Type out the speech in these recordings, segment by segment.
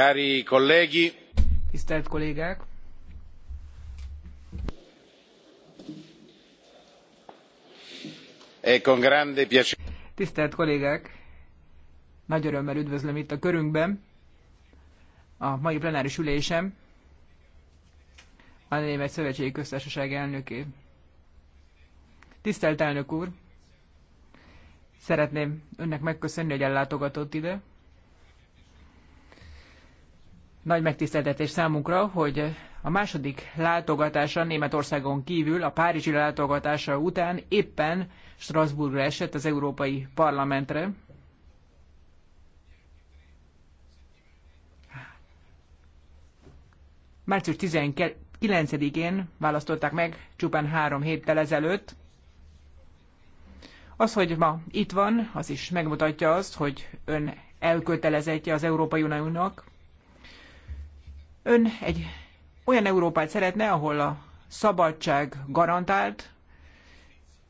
Cari colleghi. Tisztelt kollégák. E con grande piacere. Tisztelt kollégák. Nagy örömmel üdvözlöm itt a körünkben a mai plenáris ülésem a Német Szövetségi Köztársaság elnökét. Tisztelt elnök úr! Szeretném önnek megköszönni, hogy ellátogatott ide. Nagy megtiszteltetés számunkra, hogy a második látogatása Németországon kívül, a Párizsi látogatása után éppen Strasbourgra esett az Európai Parlamentre. Március 19-én választották meg, csupán három héttel ezelőtt. Az, hogy ma itt van, az is megmutatja azt, hogy ön elkötelezettje az Európai Uniónak, Ön egy olyan Európát szeretne, ahol a szabadság garantált,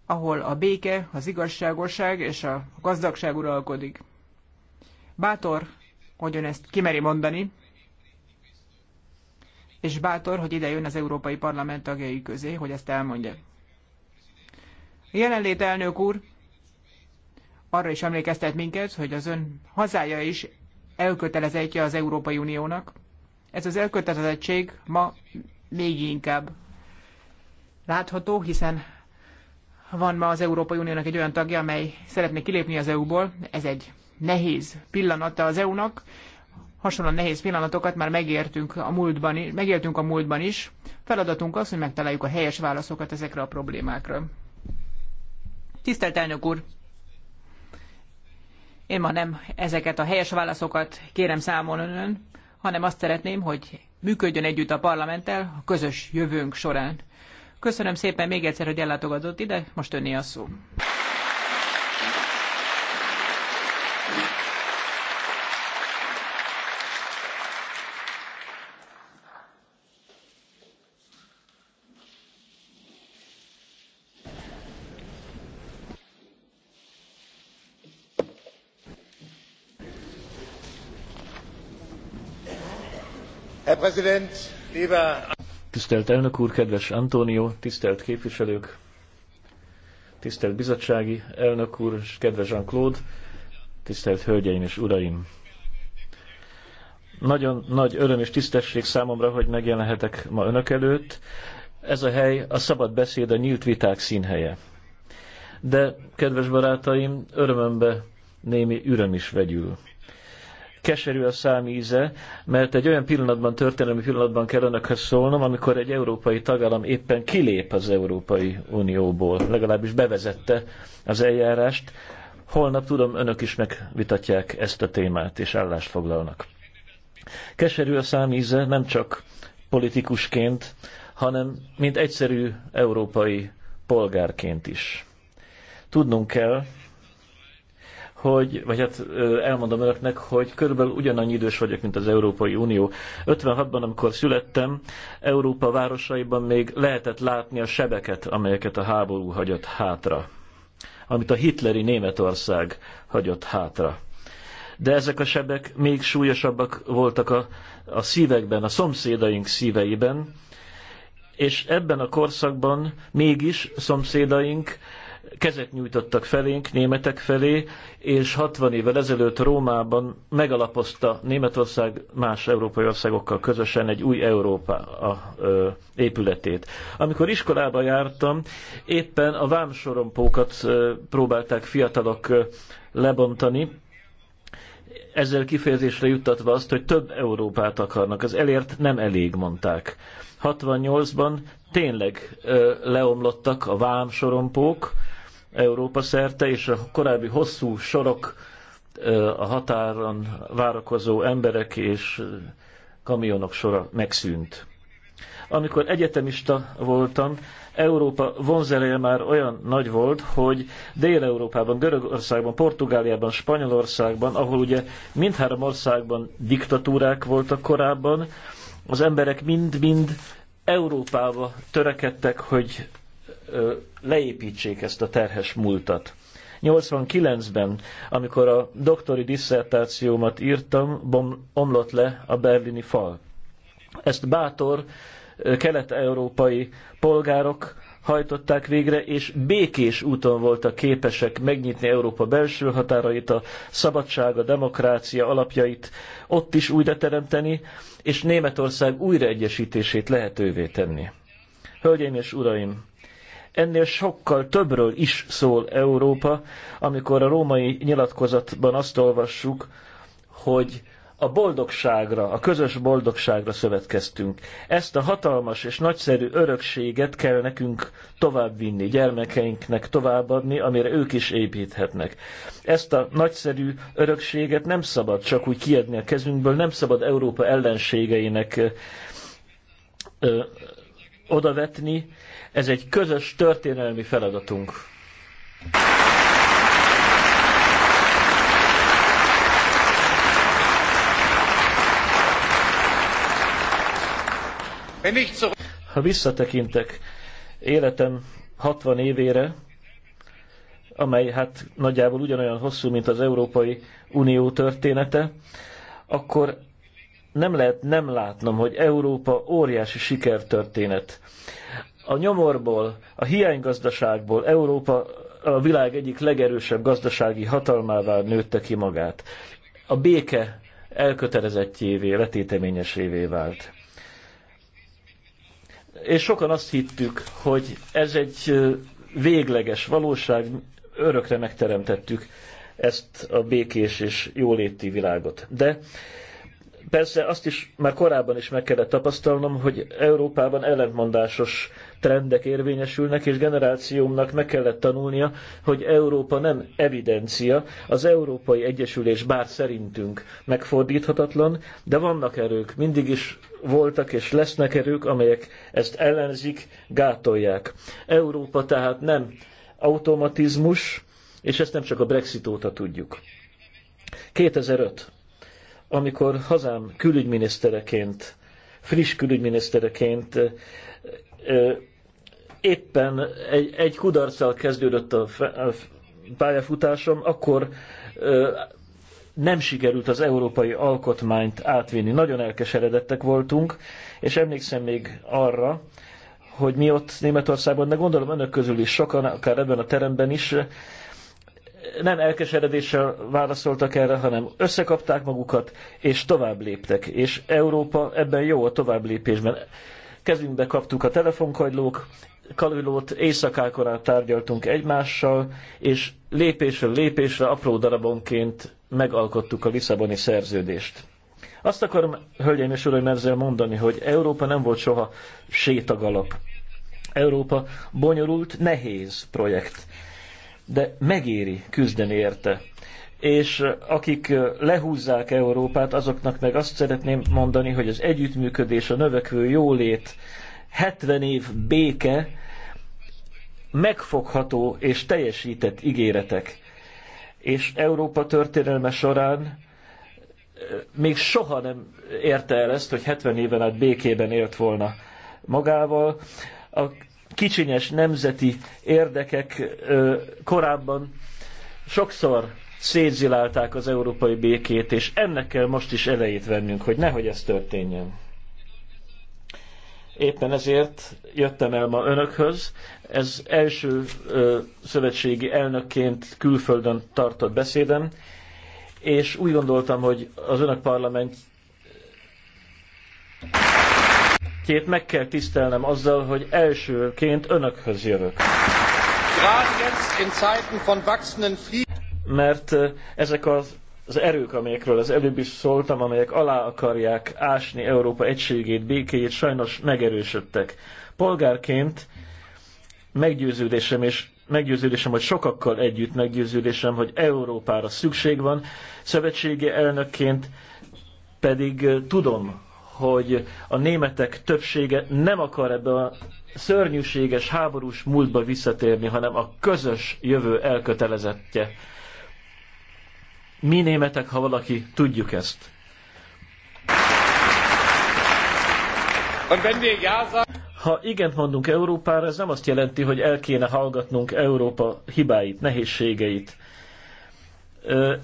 ahol a béke, az igazságosság és a gazdagság uralkodik. Bátor, hogy ön ezt kimeri mondani, és bátor, hogy ide jön az Európai Parlament tagjai közé, hogy ezt elmondja. Jelenlét elnök úr arra is emlékeztet minket, hogy az ön hazája is elkötelezettje az Európai Uniónak, ez az elkötelezettség ma még inkább látható, hiszen van ma az Európai Uniónak egy olyan tagja, amely szeretne kilépni az EU-ból. Ez egy nehéz pillanata az EU-nak. Hasonlóan nehéz pillanatokat már megértünk a múltban, megértünk a múltban is. Feladatunk az, hogy megtaláljuk a helyes válaszokat ezekre a problémákra. Tisztelt elnök úr! Én ma nem ezeket a helyes válaszokat kérem számon önön, hanem azt szeretném, hogy működjön együtt a parlamenttel a közös jövőnk során. Köszönöm szépen még egyszer, hogy ellátogatott ide, most önné a szó. Tisztelt elnök úr, kedves Antonio, tisztelt képviselők, tisztelt bizottsági elnök úr, és kedves Jean-Claude, tisztelt hölgyeim és uraim. Nagyon nagy öröm és tisztesség számomra, hogy megjelenhetek ma önök előtt. Ez a hely a szabad beszéd, a nyílt viták színhelye. De, kedves barátaim, örömömbe némi üröm is vegyül keserű a íze, mert egy olyan pillanatban, történelmi pillanatban kell önökhez szólnom, amikor egy európai tagállam éppen kilép az Európai Unióból, legalábbis bevezette az eljárást. Holnap tudom, önök is megvitatják ezt a témát, és állást foglalnak. Keserű a íze, nem csak politikusként, hanem mint egyszerű európai polgárként is. Tudnunk kell, hogy, vagy hát elmondom önöknek, hogy körülbelül ugyanannyi idős vagyok, mint az Európai Unió. 56-ban, amikor születtem, Európa városaiban még lehetett látni a sebeket, amelyeket a háború hagyott hátra. Amit a hitleri Németország hagyott hátra. De ezek a sebek még súlyosabbak voltak a, a szívekben, a szomszédaink szíveiben, és ebben a korszakban mégis szomszédaink kezet nyújtottak felénk, németek felé, és 60 évvel ezelőtt Rómában megalapozta Németország más európai országokkal közösen egy új Európa a, ö, épületét. Amikor iskolába jártam, éppen a vámsorompókat ö, próbálták fiatalok ö, lebontani, ezzel kifejezésre juttatva azt, hogy több Európát akarnak. Az elért nem elég, mondták. 68-ban tényleg ö, leomlottak a vámsorompók, Európa szerte, és a korábbi hosszú sorok a határon várakozó emberek és kamionok sora megszűnt. Amikor egyetemista voltam, Európa vonzereje már olyan nagy volt, hogy Dél-Európában, Görögországban, Portugáliában, Spanyolországban, ahol ugye mindhárom országban diktatúrák voltak korábban, az emberek mind-mind Európába törekedtek, hogy leépítsék ezt a terhes múltat. 89-ben, amikor a doktori disszertációmat írtam, bom, omlott le a berlini fal. Ezt bátor kelet-európai polgárok hajtották végre, és békés úton voltak képesek megnyitni Európa belső határait, a szabadság, a demokrácia alapjait ott is újra teremteni, és Németország újraegyesítését lehetővé tenni. Hölgyeim és uraim, Ennél sokkal többről is szól Európa, amikor a római nyilatkozatban azt olvassuk, hogy a boldogságra, a közös boldogságra szövetkeztünk. Ezt a hatalmas és nagyszerű örökséget kell nekünk továbbvinni, gyermekeinknek továbbadni, amire ők is építhetnek. Ezt a nagyszerű örökséget nem szabad csak úgy kiadni a kezünkből, nem szabad Európa ellenségeinek ö, odavetni, ez egy közös történelmi feladatunk. Ha visszatekintek életem 60 évére, amely hát nagyjából ugyanolyan hosszú, mint az Európai Unió története, akkor nem lehet nem látnom, hogy Európa óriási sikertörténet a nyomorból, a hiánygazdaságból Európa a világ egyik legerősebb gazdasági hatalmává nőtte ki magát. A béke elkötelezettjévé, letéteményesévé vált. És sokan azt hittük, hogy ez egy végleges valóság, örökre megteremtettük ezt a békés és jóléti világot. De persze azt is már korábban is meg kellett tapasztalnom, hogy Európában ellentmondásos trendek érvényesülnek, és generációmnak meg kellett tanulnia, hogy Európa nem evidencia, az Európai Egyesülés bár szerintünk megfordíthatatlan, de vannak erők, mindig is voltak és lesznek erők, amelyek ezt ellenzik, gátolják. Európa tehát nem automatizmus, és ezt nem csak a Brexit óta tudjuk. 2005, amikor hazám külügyminisztereként, friss külügyminisztereként éppen egy, egy kudarccal kezdődött a, a pályafutásom, akkor ö, nem sikerült az európai alkotmányt átvinni. Nagyon elkeseredettek voltunk, és emlékszem még arra, hogy mi ott Németországban, de gondolom önök közül is sokan, akár ebben a teremben is, nem elkeseredéssel válaszoltak erre, hanem összekapták magukat, és tovább léptek. És Európa ebben jó a tovább lépésben. Kezünkbe kaptuk a telefonkagylók, Kalilót éjszakákorán tárgyaltunk egymással, és lépésről lépésre apró darabonként megalkottuk a Lisszaboni szerződést. Azt akarom, hölgyeim és uraim, ezzel mondani, hogy Európa nem volt soha sétagalap. Európa bonyolult, nehéz projekt, de megéri küzdeni érte. És akik lehúzzák Európát, azoknak meg azt szeretném mondani, hogy az együttműködés, a növekvő jólét, 70 év béke, megfogható és teljesített ígéretek. És Európa történelme során még soha nem érte el ezt, hogy 70 éven át békében élt volna magával. A kicsinyes nemzeti érdekek korábban sokszor szétzilálták az európai békét, és ennek kell most is elejét vennünk, hogy nehogy ez történjen. Éppen ezért jöttem el ma önökhöz. Ez első ö, szövetségi elnökként külföldön tartott beszédem, és úgy gondoltam, hogy az önök parlament két meg kell tisztelnem azzal, hogy elsőként önökhöz jövök. Mert ezek az az erők, amelyekről az előbb is szóltam, amelyek alá akarják ásni Európa egységét, békéjét, sajnos megerősödtek. Polgárként meggyőződésem és meggyőződésem, hogy sokakkal együtt meggyőződésem, hogy Európára szükség van. Szövetségi elnökként pedig tudom, hogy a németek többsége nem akar ebbe a szörnyűséges háborús múltba visszatérni, hanem a közös jövő elkötelezettje. Mi németek, ha valaki, tudjuk ezt. Ha igen mondunk Európára, ez nem azt jelenti, hogy el kéne hallgatnunk Európa hibáit, nehézségeit.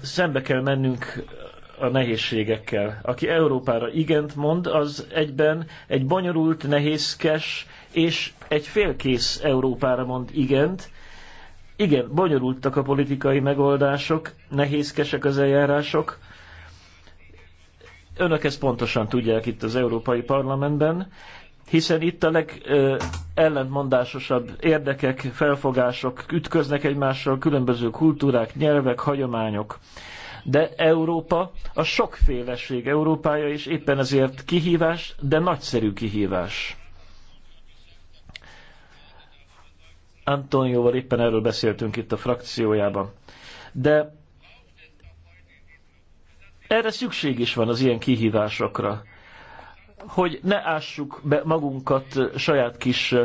Szembe kell mennünk a nehézségekkel. Aki Európára igent mond, az egyben egy bonyolult, nehézkes és egy félkész Európára mond igent, igen, bonyolultak a politikai megoldások, nehézkesek az eljárások. Önök ezt pontosan tudják itt az Európai Parlamentben, hiszen itt a legellentmondásosabb érdekek, felfogások ütköznek egymással, különböző kultúrák, nyelvek, hagyományok. De Európa a sokféleség Európája, és éppen ezért kihívás, de nagyszerű kihívás Antonioval éppen erről beszéltünk itt a frakciójában. De erre szükség is van az ilyen kihívásokra, hogy ne ássuk be magunkat saját kis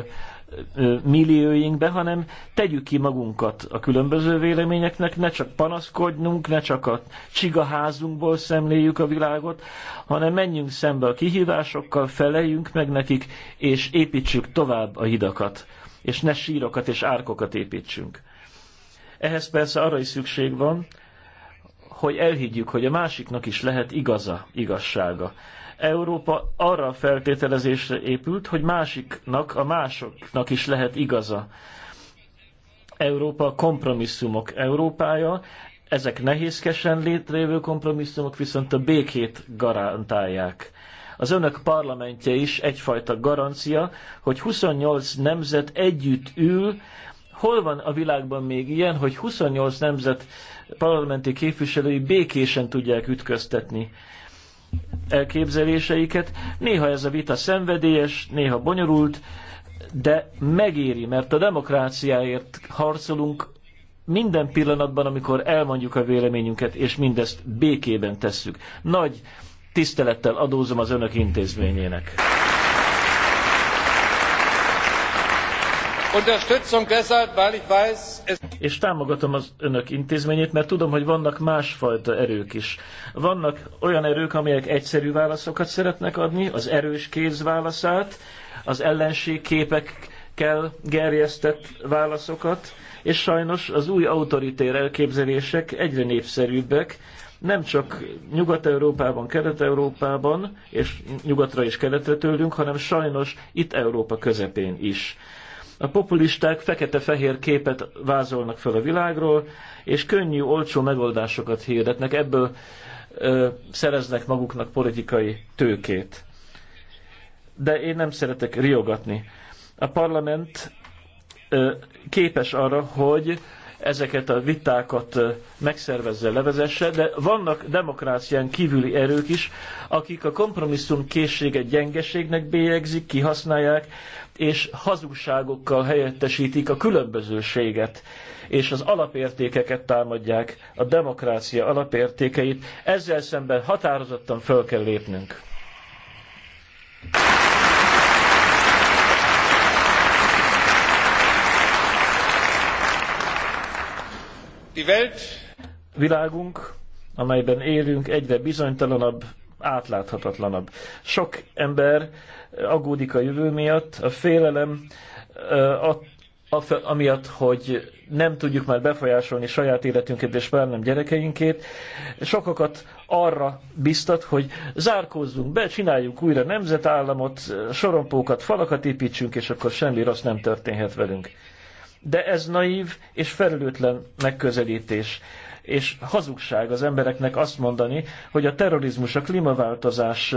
millióinkbe, hanem tegyük ki magunkat a különböző véleményeknek, ne csak panaszkodnunk, ne csak a csigaházunkból szemléljük a világot, hanem menjünk szembe a kihívásokkal, feleljünk meg nekik, és építsük tovább a hidakat és ne sírokat és árkokat építsünk. Ehhez persze arra is szükség van, hogy elhiggyük, hogy a másiknak is lehet igaza, igazsága. Európa arra a feltételezésre épült, hogy másiknak, a másoknak is lehet igaza. Európa kompromisszumok Európája, ezek nehézkesen létrejövő kompromisszumok viszont a békét garantálják az önök parlamentje is egyfajta garancia, hogy 28 nemzet együtt ül, hol van a világban még ilyen, hogy 28 nemzet parlamenti képviselői békésen tudják ütköztetni elképzeléseiket. Néha ez a vita szenvedélyes, néha bonyolult, de megéri, mert a demokráciáért harcolunk minden pillanatban, amikor elmondjuk a véleményünket, és mindezt békében tesszük. Nagy Tisztelettel adózom az önök intézményének. És támogatom az önök intézményét, mert tudom, hogy vannak másfajta erők is. Vannak olyan erők, amelyek egyszerű válaszokat szeretnek adni, az erős kéz válaszát, az ellenség képekkel gerjesztett válaszokat, és sajnos az új autoritér elképzelések egyre népszerűbbek, nem csak Nyugat-Európában, Kelet-Európában, és nyugatra és keletre tőlünk, hanem sajnos itt Európa közepén is. A populisták fekete-fehér képet vázolnak fel a világról, és könnyű, olcsó megoldásokat hirdetnek, ebből ö, szereznek maguknak politikai tőkét. De én nem szeretek riogatni. A parlament ö, képes arra, hogy ezeket a vitákat megszervezze, levezesse, de vannak demokrácián kívüli erők is, akik a kompromisszum készséget gyengeségnek bélyegzik, kihasználják, és hazugságokkal helyettesítik a különbözőséget, és az alapértékeket támadják, a demokrácia alapértékeit. Ezzel szemben határozottan föl kell lépnünk. Világunk, amelyben élünk, egyre bizonytalanabb, átláthatatlanabb. Sok ember aggódik a jövő miatt, a félelem a, a, amiatt, hogy nem tudjuk már befolyásolni saját életünket és már nem gyerekeinkét, sokakat arra biztat, hogy zárkózzunk be, csináljuk újra nemzetállamot, sorompókat, falakat építsünk, és akkor semmi rossz nem történhet velünk de ez naív és felelőtlen megközelítés. És hazugság az embereknek azt mondani, hogy a terrorizmus, a klímaváltozás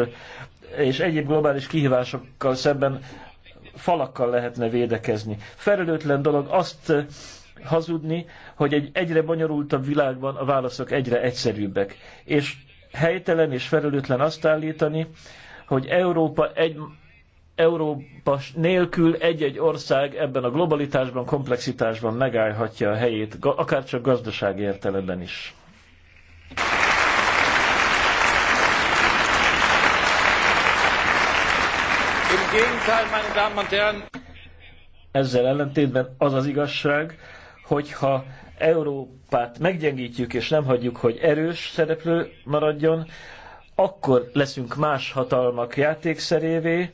és egyéb globális kihívásokkal szemben falakkal lehetne védekezni. Felelőtlen dolog azt hazudni, hogy egy egyre bonyolultabb világban a válaszok egyre egyszerűbbek. És helytelen és felelőtlen azt állítani, hogy Európa egy Európa nélkül egy-egy ország ebben a globalitásban, komplexitásban megállhatja a helyét, akár csak gazdasági értelemben is. Ezzel ellentétben az az igazság, hogyha Európát meggyengítjük és nem hagyjuk, hogy erős szereplő maradjon, akkor leszünk más hatalmak játékszerévé,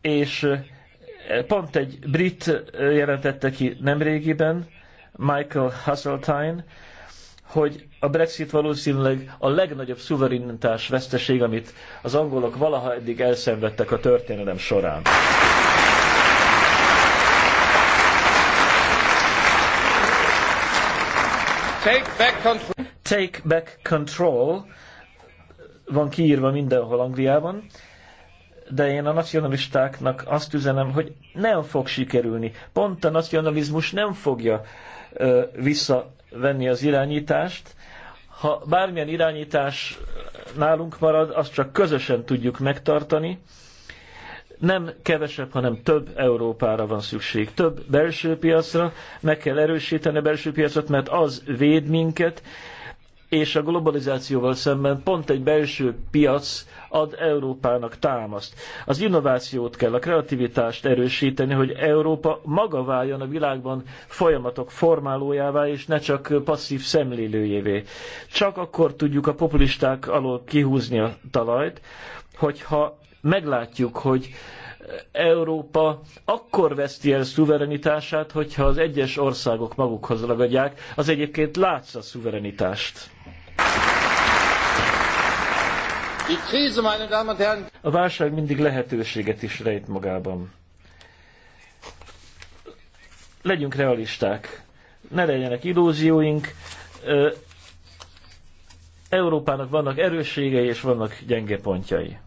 és pont egy brit jelentette ki nemrégiben, Michael Hasseltine, hogy a Brexit valószínűleg a legnagyobb szuverenitás veszteség, amit az angolok valaha eddig elszenvedtek a történelem során. Take back control. Take back control van kiírva mindenhol Angliában, de én a nacionalistáknak azt üzenem, hogy nem fog sikerülni. Pont a nacionalizmus nem fogja ö, visszavenni az irányítást. Ha bármilyen irányítás nálunk marad, azt csak közösen tudjuk megtartani. Nem kevesebb, hanem több Európára van szükség. Több belső piacra, meg kell erősíteni a belső piacot, mert az véd minket, és a globalizációval szemben pont egy belső piac ad Európának támaszt. Az innovációt kell, a kreativitást erősíteni, hogy Európa maga váljon a világban folyamatok formálójává, és ne csak passzív szemlélőjévé. Csak akkor tudjuk a populisták alól kihúzni a talajt, hogyha meglátjuk, hogy Európa akkor veszti el szuverenitását, hogyha az egyes országok magukhoz ragadják, az egyébként látsz a szuverenitást. A válság mindig lehetőséget is rejt magában. Legyünk realisták, ne legyenek illúzióink. Európának vannak erősségei és vannak gyenge pontjai.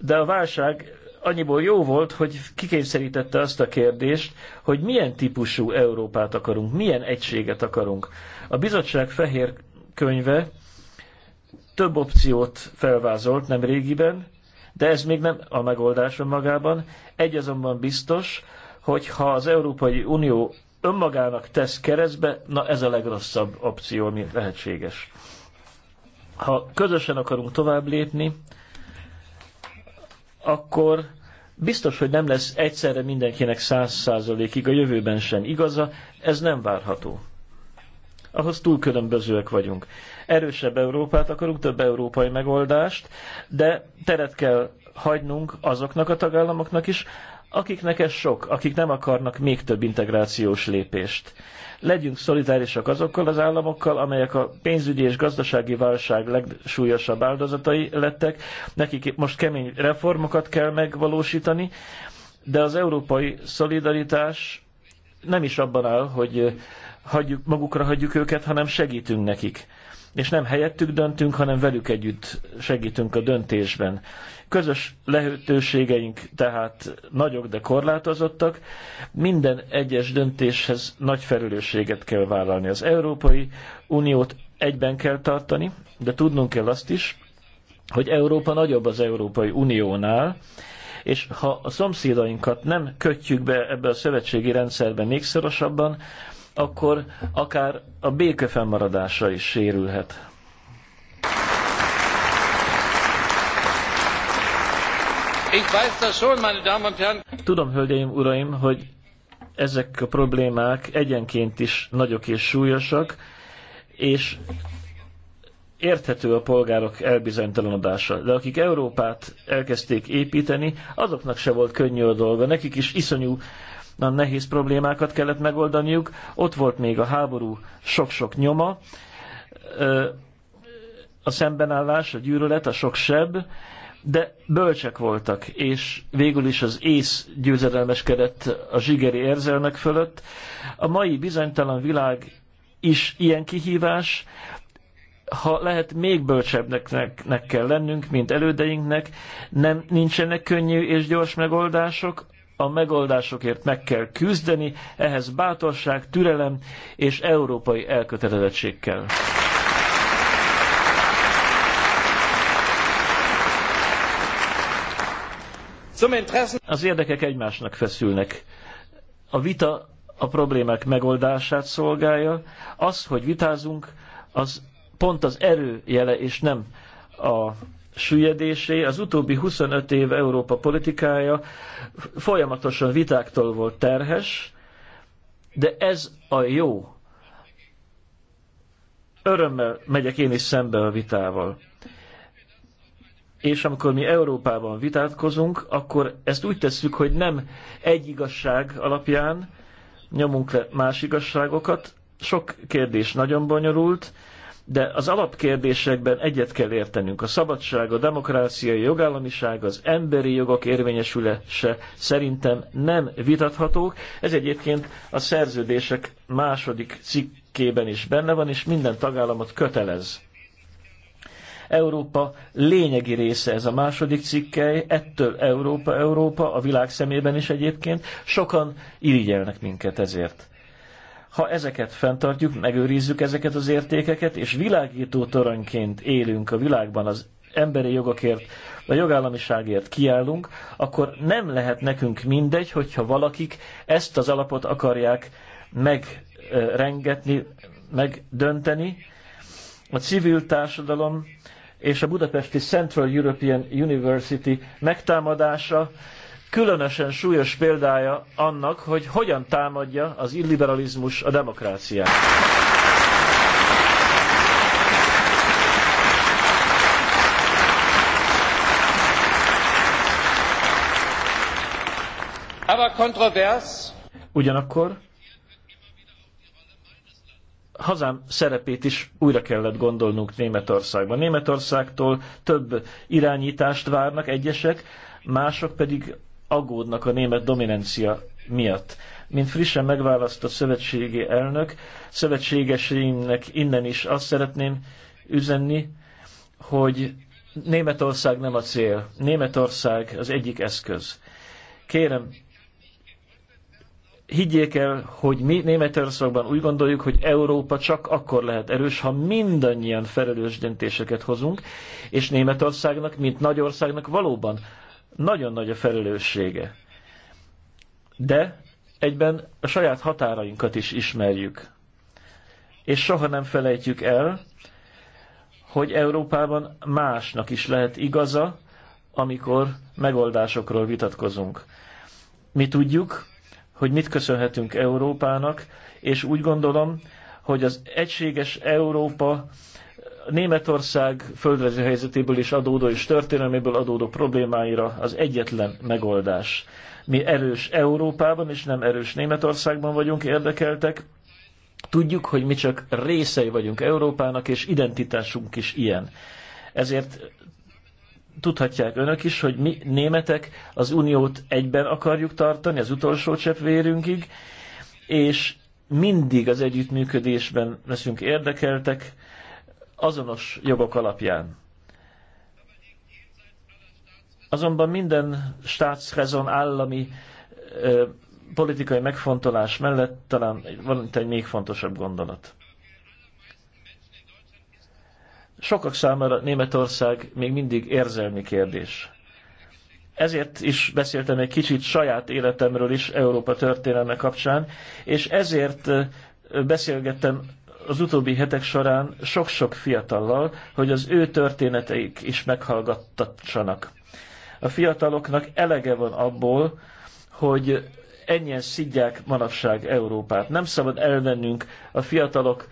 De a válság annyiból jó volt, hogy kikényszerítette azt a kérdést, hogy milyen típusú Európát akarunk, milyen egységet akarunk. A bizottság fehér könyve több opciót felvázolt nem régiben, de ez még nem a megoldás önmagában. Egy azonban biztos, hogy ha az Európai Unió önmagának tesz keresztbe, na ez a legrosszabb opció, ami lehetséges. Ha közösen akarunk tovább lépni, akkor biztos, hogy nem lesz egyszerre mindenkinek száz százalékig a jövőben sem igaza, ez nem várható ahhoz túl különbözőek vagyunk. Erősebb Európát akarunk, több európai megoldást, de teret kell hagynunk azoknak a tagállamoknak is, akiknek ez sok, akik nem akarnak még több integrációs lépést. Legyünk szolidárisak azokkal az államokkal, amelyek a pénzügyi és gazdasági válság legsúlyosabb áldozatai lettek, nekik most kemény reformokat kell megvalósítani, de az európai szolidaritás nem is abban áll, hogy hagyjuk, magukra hagyjuk őket, hanem segítünk nekik. És nem helyettük döntünk, hanem velük együtt segítünk a döntésben. Közös lehetőségeink tehát nagyok, de korlátozottak. Minden egyes döntéshez nagy felelősséget kell vállalni. Az Európai Uniót egyben kell tartani, de tudnunk kell azt is, hogy Európa nagyobb az Európai Uniónál, és ha a szomszédainkat nem kötjük be ebbe a szövetségi rendszerbe még szorosabban, akkor akár a béke fennmaradása is sérülhet. Tudom, hölgyeim, uraim, hogy ezek a problémák egyenként is nagyok és súlyosak, és érthető a polgárok elbizonytalanodása. De akik Európát elkezdték építeni, azoknak se volt könnyű a dolga. Nekik is iszonyú nehéz problémákat kellett megoldaniuk. Ott volt még a háború sok-sok nyoma, a szembenállás, a gyűrölet, a sok seb, de bölcsek voltak, és végül is az ész győzedelmeskedett a zsigeri érzelmek fölött. A mai bizonytalan világ is ilyen kihívás, ha lehet, még bölcsebbnek kell lennünk, mint elődeinknek, nem nincsenek könnyű és gyors megoldások, a megoldásokért meg kell küzdeni, ehhez bátorság, türelem és európai elkötelezettség kell. Az érdekek egymásnak feszülnek. A vita a problémák megoldását szolgálja, az, hogy vitázunk, az pont az erő jele, és nem a süllyedésé az utóbbi 25 év Európa politikája folyamatosan vitáktól volt terhes, de ez a jó. Örömmel megyek én is szembe a vitával. És amikor mi Európában vitátkozunk, akkor ezt úgy tesszük, hogy nem egy igazság alapján nyomunk le más igazságokat. Sok kérdés nagyon bonyolult, de az alapkérdésekben egyet kell értenünk. A szabadság, a demokrácia, a jogállamiság, az emberi jogok érvényesülése szerintem nem vitathatók. Ez egyébként a szerződések második cikkében is benne van, és minden tagállamot kötelez. Európa lényegi része ez a második cikkely, ettől Európa, Európa, a világ szemében is egyébként. Sokan irigyelnek minket ezért. Ha ezeket fenntartjuk, megőrizzük ezeket az értékeket, és világító toronyként élünk a világban az emberi jogokért, a jogállamiságért kiállunk, akkor nem lehet nekünk mindegy, hogyha valakik ezt az alapot akarják megrengetni, megdönteni. A civil társadalom és a budapesti Central European University megtámadása különösen súlyos példája annak, hogy hogyan támadja az illiberalizmus a demokráciát. Ugyanakkor hazám szerepét is újra kellett gondolnunk Németországban. Németországtól több irányítást várnak egyesek, mások pedig aggódnak a német dominancia miatt. Mint frissen megválasztott szövetségi elnök, szövetségeseimnek innen is azt szeretném üzenni, hogy Németország nem a cél. Németország az egyik eszköz. Kérem, higgyék el, hogy mi Németországban úgy gondoljuk, hogy Európa csak akkor lehet erős, ha mindannyian felelős döntéseket hozunk, és Németországnak, mint nagyországnak valóban nagyon nagy a felelőssége. De egyben a saját határainkat is ismerjük. És soha nem felejtjük el, hogy Európában másnak is lehet igaza, amikor megoldásokról vitatkozunk. Mi tudjuk, hogy mit köszönhetünk Európának, és úgy gondolom, hogy az egységes Európa Németország földrajzi helyzetéből is adódó és történelméből adódó problémáira az egyetlen megoldás. Mi erős Európában és nem erős Németországban vagyunk érdekeltek. Tudjuk, hogy mi csak részei vagyunk Európának, és identitásunk is ilyen. Ezért tudhatják önök is, hogy mi németek az uniót egyben akarjuk tartani az utolsó csepp vérünkig, és mindig az együttműködésben leszünk érdekeltek, azonos jogok alapján. Azonban minden státszrezon állami ö, politikai megfontolás mellett talán van itt egy még fontosabb gondolat. Sokak számára Németország még mindig érzelmi kérdés. Ezért is beszéltem egy kicsit saját életemről is Európa történelme kapcsán, és ezért beszélgettem az utóbbi hetek során sok-sok fiatallal, hogy az ő történeteik is meghallgattassanak. A fiataloknak elege van abból, hogy ennyien szidják manapság Európát. Nem szabad elvennünk a fiatalok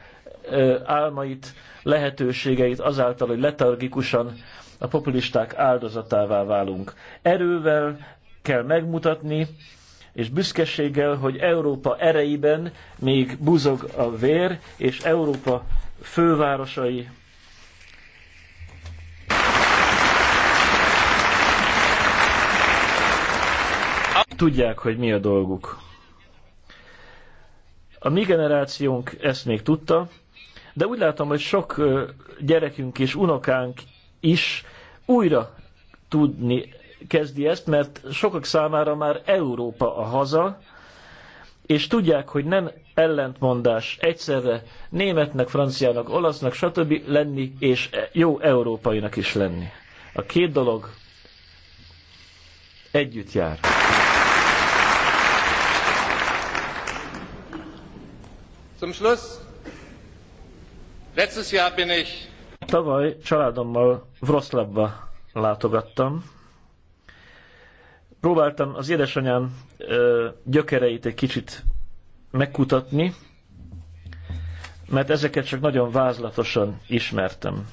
álmait, lehetőségeit azáltal, hogy letargikusan a populisták áldozatává válunk. Erővel kell megmutatni, és büszkeséggel, hogy Európa ereiben még buzog a vér, és Európa fővárosai tudják, hogy mi a dolguk. A mi generációnk ezt még tudta, de úgy látom, hogy sok gyerekünk és unokánk is újra tudni kezdi ezt, mert sokak számára már Európa a haza, és tudják, hogy nem ellentmondás egyszerre németnek, franciának, olasznak, stb. lenni, és jó európainak is lenni. A két dolog együtt jár. Zum Schluss. Letztes Jahr bin ich. Tavaly családommal Wroclawba látogattam, Próbáltam az édesanyám gyökereit egy kicsit megkutatni, mert ezeket csak nagyon vázlatosan ismertem.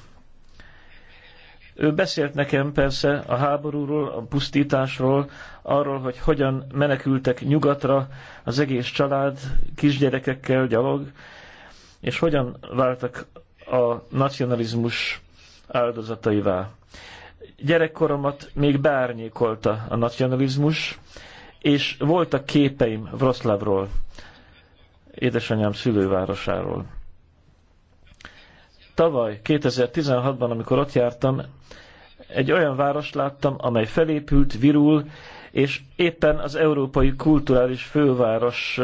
Ő beszélt nekem persze a háborúról, a pusztításról, arról, hogy hogyan menekültek nyugatra az egész család kisgyerekekkel gyalog, és hogyan váltak a nacionalizmus áldozataivá gyerekkoromat még beárnyékolta a nacionalizmus, és voltak képeim Vroszlavról, édesanyám szülővárosáról. Tavaly, 2016-ban, amikor ott jártam, egy olyan várost láttam, amely felépült, virul, és éppen az Európai Kulturális Főváros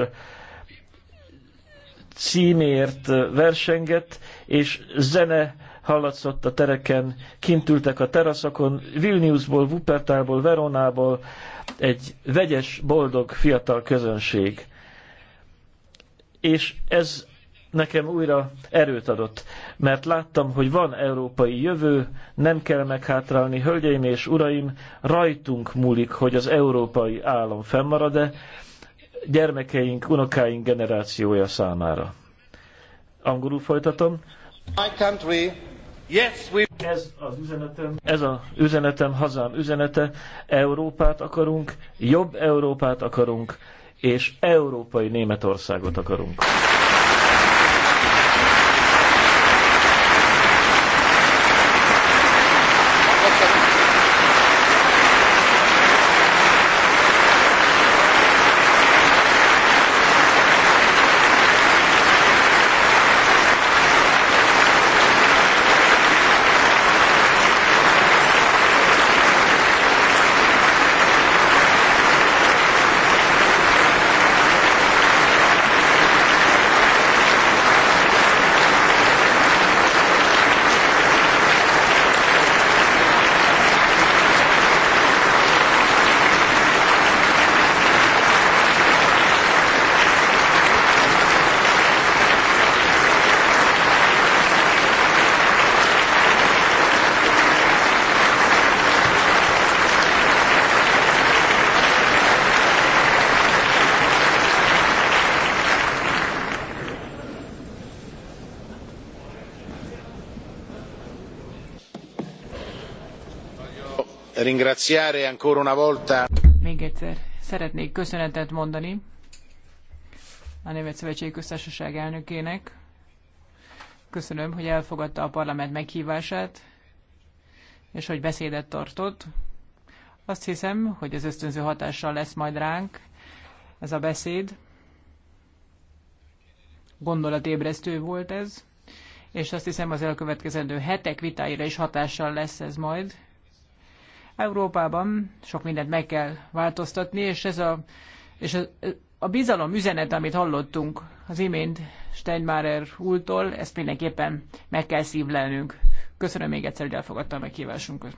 címért versenget, és zene hallatszott a tereken, kint ültek a teraszokon, Vilniusból, Wuppertalból, Veronából egy vegyes, boldog, fiatal közönség. És ez nekem újra erőt adott, mert láttam, hogy van európai jövő, nem kell meghátrálni, hölgyeim és uraim, rajtunk múlik, hogy az európai állam fennmarad-e gyermekeink, unokáink generációja számára. Angolul folytatom. My country Yes, we... Ez az üzenetem, ez a üzenetem, hazám üzenete. Európát akarunk, jobb Európát akarunk, és európai Németországot akarunk. ringraziare ancora una volta. Még egyszer szeretnék köszönetet mondani a Német Szövetségi Köztársaság elnökének. Köszönöm, hogy elfogadta a parlament meghívását, és hogy beszédet tartott. Azt hiszem, hogy az ösztönző hatással lesz majd ránk ez a beszéd. Gondolatébresztő volt ez, és azt hiszem az elkövetkezendő hetek vitáira is hatással lesz ez majd. Európában sok mindent meg kell változtatni, és ez a, és a, a bizalom üzenet, amit hallottunk az imént Steinmeier úrtól, ezt mindenképpen meg kell szívlenünk. Köszönöm még egyszer, hogy elfogadta a meghívásunkat.